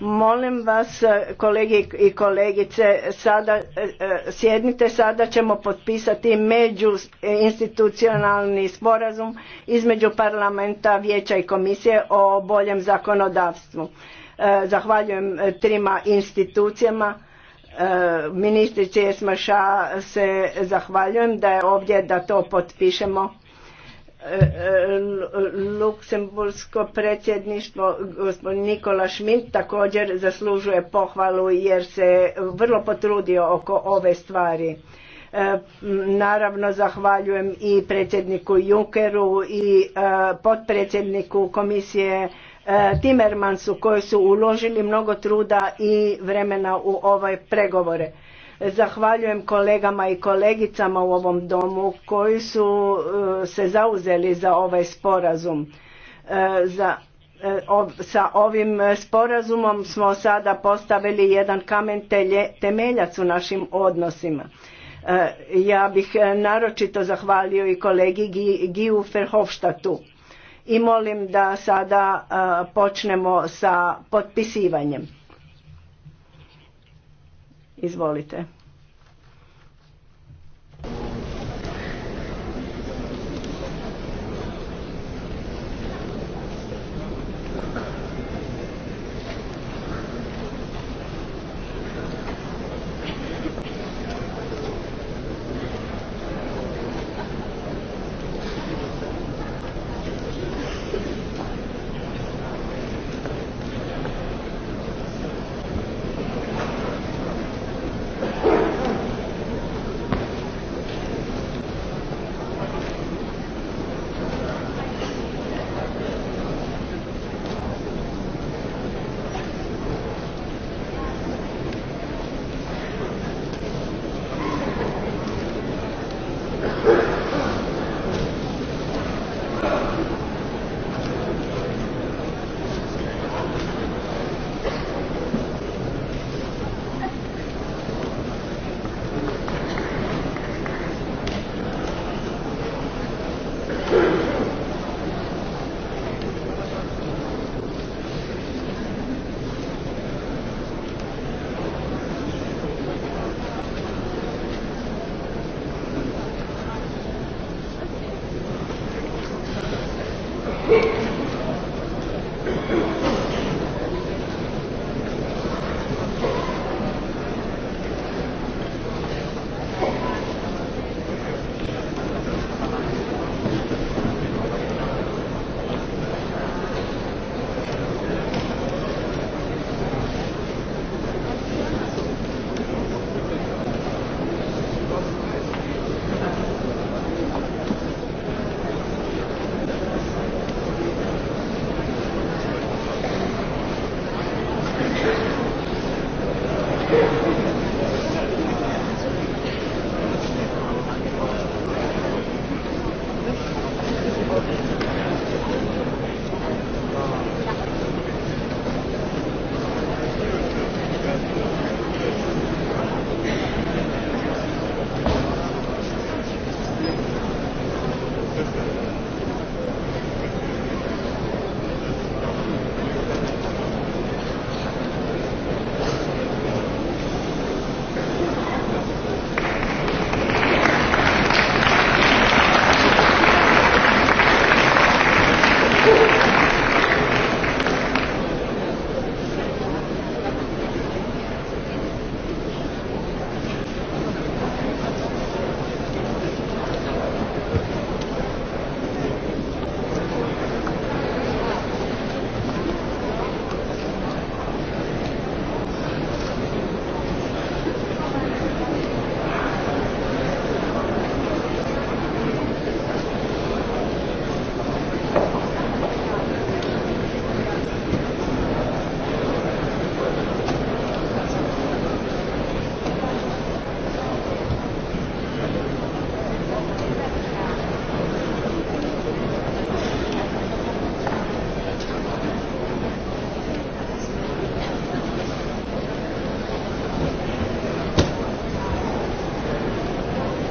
molim vas eh, kolege i kolegice sada eh, eh, sjednite sada ćemo potpisati međuinstitucionalni sporazum između parlamenta vijeća i komisije o boljem zakonodavstvu zahvaljujem trima institucijama ministrici esmaša se zahvaljujem da je ovdje da to potpišemo E, e, Luksemburgsko predsjedništvo gospodin Nikola Šmint također zaslužuje pohvalu jer se vrlo potrudio oko ove stvari. E, naravno zahvaljujem i predsjedniku Junkeru i potpredsjedniku komisije Timmermansu koji su uložili mnogo truda i vremena u ove pregovore. Zahvaljujem kolegama i kolegicama u ovom domu koji su e, se zauzeli za ovaj sporazum. E, za, e, sa ovim sporazumom smo sada postavili jedan kamen temeljac u našim odnosima. Ja bih naročito zahvalio i kolegi Giju Ferhofštatu i molim da sada počnemo sa potpisivanjem. Izvolite. Hvala